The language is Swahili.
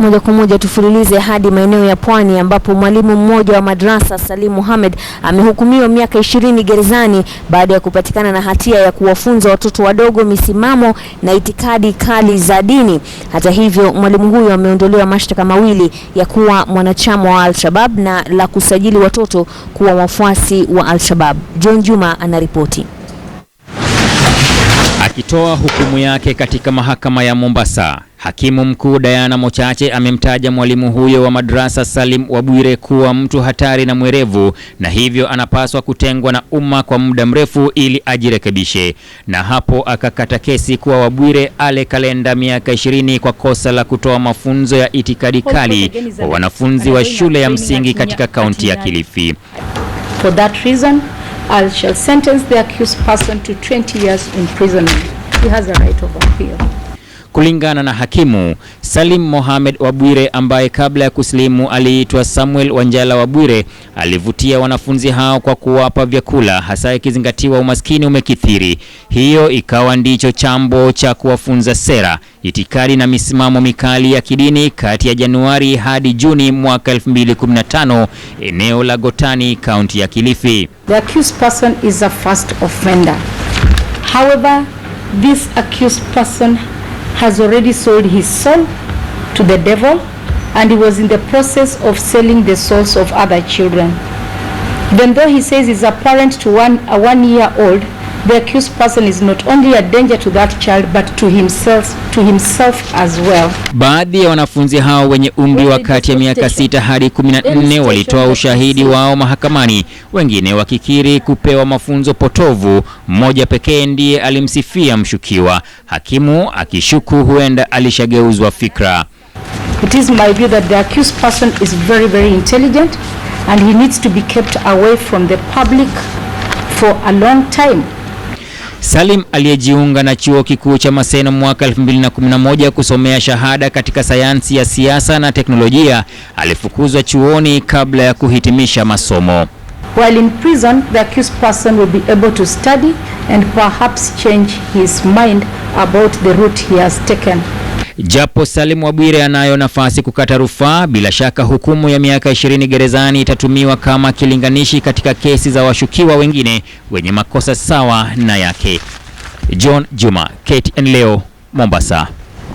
Moja kwa moja tufululize hadi maeneo ya Pwani ambapo mwalimu mmoja wa madrasa Salim Mohamed amehukumiwa miaka ishirini gerezani baada ya kupatikana na hatia ya kuwafunza watoto wadogo misimamo na itikadi kali za dini. Hata hivyo, mwalimu huyo ameondolewa mashtaka mawili ya kuwa mwanachama wa Al-Shabab na la kusajili watoto kuwa wafuasi wa Al-Shabab. John Juma anaripoti. Akitoa hukumu yake katika mahakama ya Mombasa, hakimu mkuu Diana Mochache amemtaja mwalimu huyo wa madrasa Salim Wabwire kuwa mtu hatari na mwerevu, na hivyo anapaswa kutengwa na umma kwa muda mrefu ili ajirekebishe. Na hapo akakata kesi kuwa Wabwire ale kalenda miaka 20 kwa kosa la kutoa mafunzo ya itikadi kali kwa wanafunzi wa shule ya msingi katika kaunti ya Kilifi. For that reason, I shall sentence the accused person to 20 years imprisonment. He has a right of appeal. Kulingana na hakimu Salim Mohamed Wabwire ambaye kabla ya kusilimu aliitwa Samuel Wanjala Wabwire, alivutia wanafunzi hao kwa kuwapa vyakula, hasa ikizingatiwa umaskini umekithiri. Hiyo ikawa ndicho chambo cha kuwafunza sera, itikadi na misimamo mikali ya kidini. Kati ya Januari hadi Juni mwaka 2015, eneo la Gotani, kaunti ya Kilifi. The accused person is a first offender. However, this accused person has already sold his soul to the devil and he was in the process of selling the souls of other children. Even though he says a apparent to one, a one year old the accused person is not only a danger to that child but to himself, to himself as well. Baadhi ya wanafunzi hao wenye umri wa kati ya miaka sita hadi 14 walitoa ushahidi wao mahakamani, wengine wakikiri kupewa mafunzo potovu. Mmoja pekee ndiye alimsifia mshukiwa, hakimu akishuku huenda alishageuzwa fikra. It is my view that the accused person is very very intelligent and he needs to be kept away from the public for a long time. Salim aliyejiunga na chuo kikuu cha Maseno mwaka 2011 kusomea shahada katika sayansi ya siasa na teknolojia alifukuzwa chuoni kabla ya kuhitimisha masomo. While in prison, the accused person will be able to study and perhaps change his mind about the route he has taken. Japo Salimu wabwire anayo nafasi kukata rufaa, bila shaka hukumu ya miaka 20 gerezani itatumiwa kama kilinganishi katika kesi za washukiwa wengine wenye makosa sawa na yake. John Juma, KTN Leo, Mombasa.